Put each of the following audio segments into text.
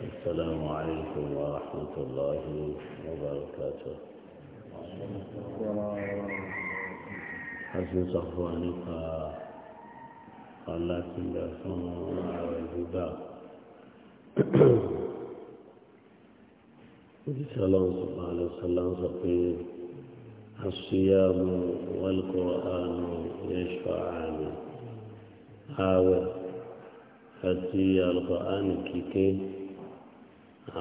السلام عليكم ورحمة الله وبركاته حسن صفوانك الله تنبع فما الهدى السلام صلى الله عليه وسلم صحيح الصيام والقرآن يشفعان هذا آه، حتي القرآن كيكي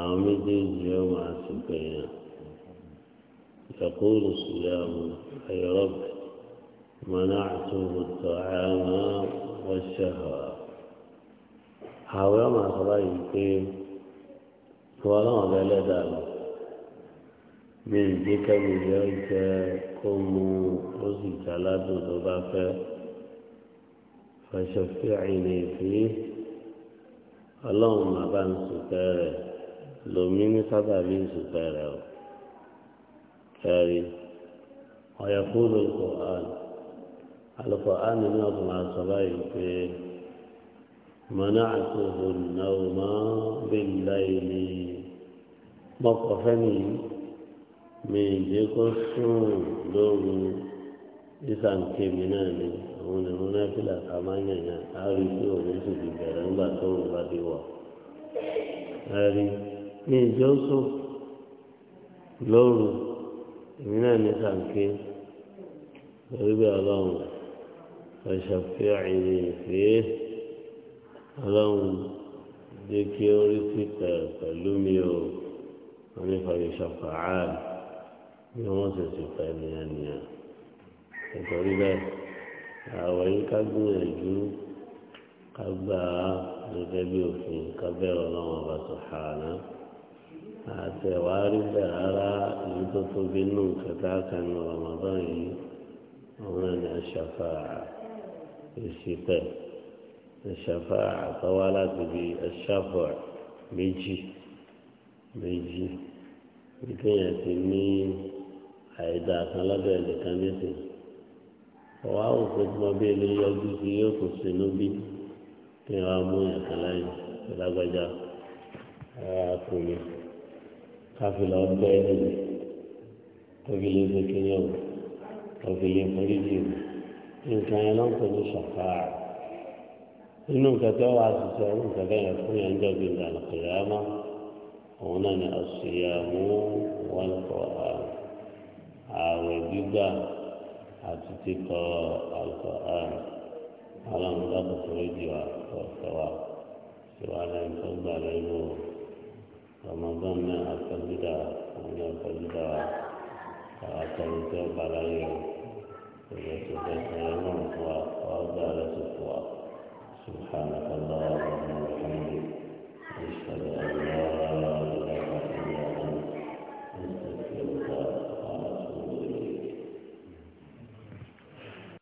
àwọn méjèèjì yóò máa sì gbẹ̀yàn يقول الصيام أي رب منعتم الطعام والشهوة àwọn ọmọ àkọlá yìí pé wọn náà bẹ lẹ́dàá lọ mi ò jẹ́ kẹ́mi yọ jẹ kó mu ó sì jà ládùn tó bá fẹ́ fẹsọ̀fẹ́ àìní ìfì ọlọ́run màbá ń sùn tẹ́rẹ̀ lomi ní sábàbí ìsìnkú rẹ̀ o kẹrì ọ̀yẹ̀kúrò alukọ̀án alukọ̀án ní ọ̀tún máa sọ báyìí pé mọ̀nà àtúhù náà máa bí láì ní mọ́kànfẹ́ nìyí mi jẹ́ kó sùn lóru ìsànkémi náà ni àwọn ènìyàn náà fi làkà máa ń yànyàn á rí i òun sì ti bẹ̀rẹ̀ nígbà tó òun bá ti wọ̀ ní ìjọ́sọ lóru èmi náà ní kàǹké lórí bí ọlọ́run ọ̀ṣàfihàn ìrìn ìfẹ́ ọlọ́run jẹ́ kí ó rí pípẹ́ pẹ̀lú mi o wọ́n ní fàyẹ̀ṣàfà áàlì bí wọ́n sì ti fẹ́ ní ẹnìyàn nítorí bẹ́ẹ̀ àwọn yìí ká gbìyànjú ká gbà á gẹ́gẹ́ bí òfin ká bẹ̀rẹ̀ ọlọ́run ọba sọ̀hánà àtẹ̀wárí bẹ̀ rárá èyí tó tóbi nù kẹta kanu ọ̀mọ̀dán yìí òun ni àṣàfà ìṣìpẹ̀ àṣàfà àtọwá láti bi àṣàfà méjì méjì ìkéyàn ti ní àìdá kan lábẹ́ ẹ̀lẹ́kan nísìnyí ọ̀wá òkú tí wọ́n bí ilé yọjú sí yóò kò sí níbí kí wọ́n mú yàn láyé lágbájá ara kò ní káfí lọ bẹ ẹni rẹ tóbi lè ṣe kí yẹn o tóbi lè forí jì o nǹkan yẹn ló ń pè ní ṣàfà nínú nǹkan tó wà ṣiṣẹ́ nínú nǹkan tó yẹn fún yẹn jọ̀bi ìlànà kìláàmà òun náà ni àṣìyàwó wọn kọ ààwẹ̀ gbígbà àti títọ́ àlùkò ààrùn aláwọn dábò forí jì wà kọ̀ọ̀kọ̀ wà síwájú tó gbà lẹ́nu ọmọdé náà àtẹlẹ. àtẹnudẹ́ ọba láyé o ìyẹn ti náà